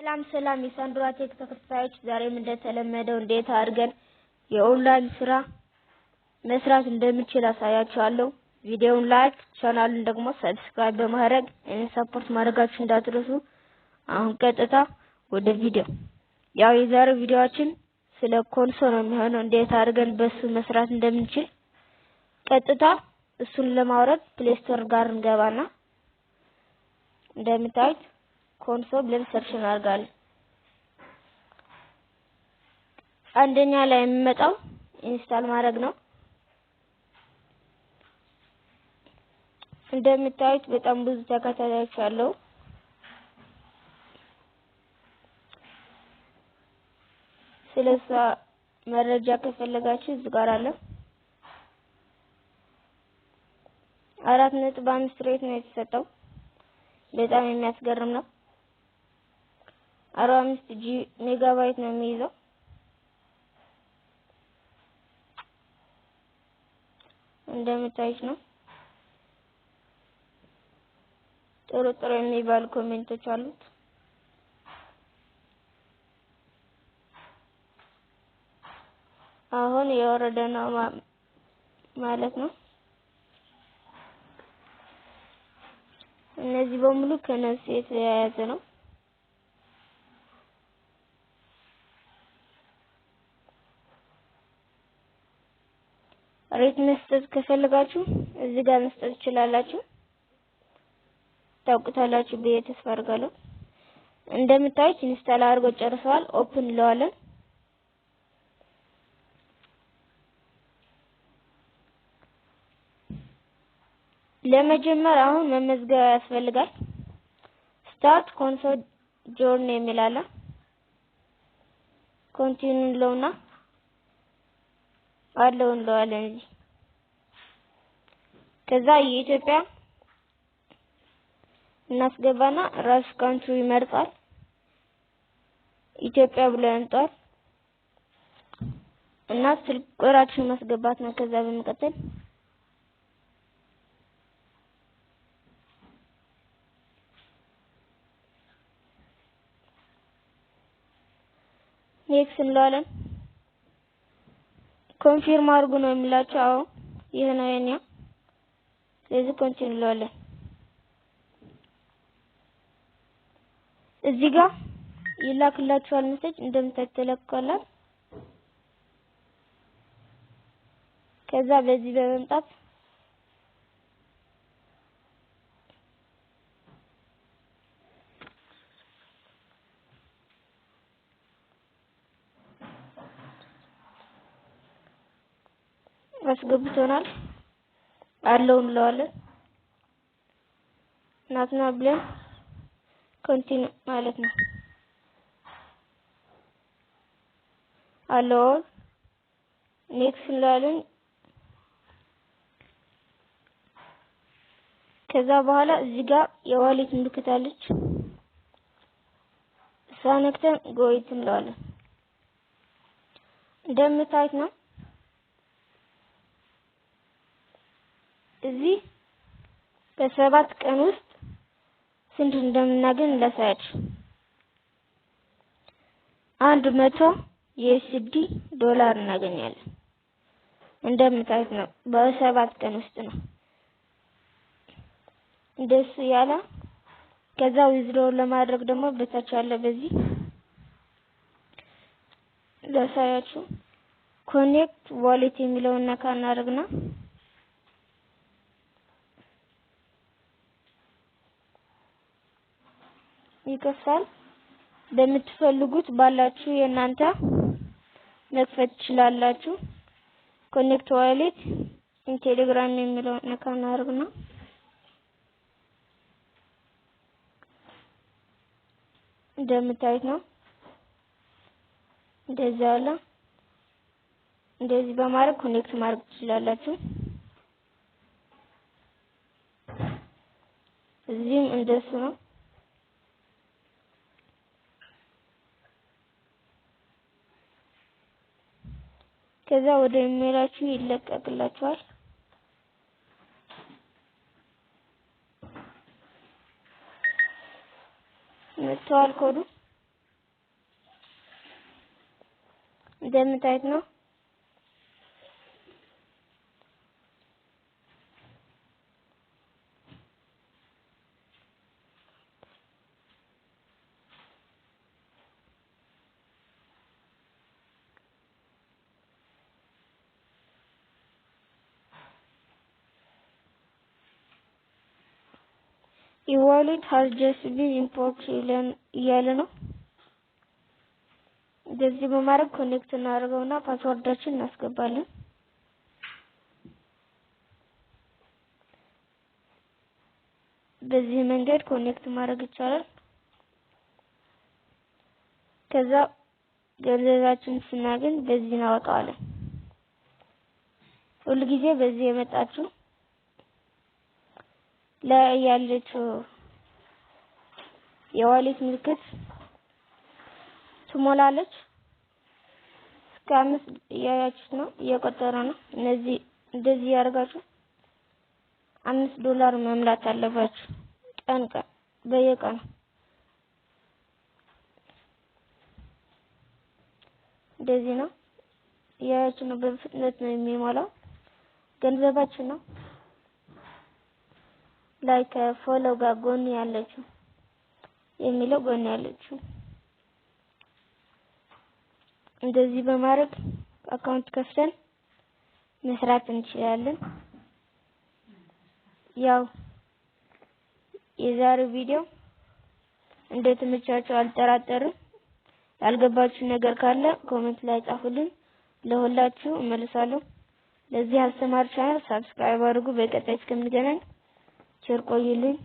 ሰላም ሰላም የሳንድራ ቴክ ተከታዮች፣ ዛሬም እንደተለመደው እንዴት አድርገን የኦንላይን ስራ መስራት እንደምችል አሳያችኋለሁ። ቪዲዮውን ላይክ፣ ቻናሉን ደግሞ ሰብስክራይብ በማድረግ እኔን ሰፖርት ማድረጋችሁ እንዳትረሱ። አሁን ቀጥታ ወደ ቪዲዮ። ያው የዛሬው ቪዲዮአችን ስለ ኮንሶ ነው የሚሆነው፣ እንዴት አድርገን በሱ መስራት እንደምንችል ቀጥታ እሱን ለማውረድ ፕሌስቶር ጋር እንገባና እንደምታዩት ኮንሶ ብለን ሰርች እናደርጋለን። አንደኛ ላይ የሚመጣው ኢንስታል ማድረግ ነው። እንደምታዩት በጣም ብዙ ተከታታዮች አለው። ስለሷ መረጃ ከፈለጋችሁ እዚህ ጋር አለ። አራት ነጥብ አምስት ሬት ነው የተሰጠው። በጣም የሚያስገርም ነው። አርባ አምስት ጂ ሜጋባይት ነው የሚይዘው። እንደምታዩት ነው። ጥሩ ጥሩ የሚባሉ ኮሜንቶች አሉት። አሁን የወረደ ነው ማለት ነው። እነዚህ በሙሉ ከነሱ የተያያዘ ነው። ሬት መስጠት ከፈልጋችሁ እዚህ ጋር መስጠት ትችላላችሁ። ታውቁታላችሁ ብዬ ተስፋ አድርጋለሁ። እንደምታዩት ኢንስታል አድርገው ጨርሰዋል። ኦፕን እንለዋለን። ለመጀመር አሁን መመዝገብ ያስፈልጋል። ስታርት ኮንሶል ጆርኒ የሚላለ ኮንቲኑ ለውና አለው እንለዋለን እዚህ ከዛ የኢትዮጵያ እናስገባና ራስ ካንትሪ ይመርጣል። ኢትዮጵያ ብሎ ያንጣል እና ስልክ ቁጥራችን ማስገባት ነው። ከዛ በመቀጠል ኔክስ እንለዋለን። ኮንፊርም አድርጉ ነው የሚላቸው። አዎ ይሄ ነው የኛ ስለዚህ ኮንቲኒ እንለዋለን። እዚህ ጋር ይላክላችኋል መሰጅ እንደምታዩት ተለኳላል። ከዛ በዚህ በመምጣት አስገብቶናል። አለው እንለዋለን። እናትና ብለን ኮንቲኒ ማለት ነው። አለው ኔክስት እንለዋለን። ከዛ በኋላ እዚህ ጋር የዋሌት ምልክት አለች። እሷ ነክተን ጎይት እንለዋለን። እንደምታዩት ነው። እዚህ በሰባት ቀን ውስጥ ስንት እንደምናገኝ ላሳያችሁ። አንድ መቶ የኤስዲ ዶላር እናገኛለን። እንደምታዩት ነው። በሰባት ቀን ውስጥ ነው እንደሱ ያለ። ከዛ ዊዝድሮ ለማድረግ ደግሞ በታች ያለ በዚህ ላሳያችሁ ኮኔክት ዋሌት የሚለውን ነካ እናደርግና ይከፋል በምትፈልጉት ባላችሁ የእናንተ መክፈት ትችላላችሁ። ኮኔክት ዋሌት ቴሌግራም የሚለው ነካ ነው እንደምታዩት ነው። እንደዚህ ያለ እንደዚህ በማድረግ ኮኔክት ማድረግ ትችላላችሁ። እዚህም እንደሱ ነው። ከዛ ወደ ኢሜላችሁ ይለቀቅላችኋል። መጥተዋል። ኮዱ እንደምታዩት ነው። ኢዋሌት ሀዝ ጀስት ኢምፖርት እያለ ነው። እንደዚህ በማድረግ ኮኔክት እናደርገውና ፓስወርዳችን እናስገባለን። በዚህ መንገድ ኮኔክት ማድረግ ይቻላል። ከዛ ገንዘባችን ስናገኝ በዚህ እናወጣዋለን። ሁልጊዜ በዚህ የመጣችሁ ላይ ያለችው የዋሌት ምልክት ትሞላለች። እስከ አምስት እያያችሁት ነው፣ እየቆጠረ ነው። እነዚህ እንደዚህ ያደርጋችሁ አምስት ዶላር መምላት አለባችሁ ቀን ቀን በየቀኑ እንደዚህ ነው። እያያችሁ ነው። በፍጥነት ነው የሚሞላው ገንዘባችሁ ነው። ላይ ከፎሎ ጋር ጎን ያለችው የሚለው ጎን ያለችው እንደዚህ በማድረግ አካውንት ከፍተን መስራት እንችላለን። ያው የዛሬው ቪዲዮ እንደተመቻችሁ አልጠራጠርም። ያልገባችሁ ነገር ካለ ኮሜንት ላይ ጻፉልኝ፣ ለሁላችሁ እመልሳለሁ። ለዚህ አስተማሪ ቻናል ሳብስክራይብ አድርጉ። በቀጣይ እስከምንገናኝ ser Koyul'ün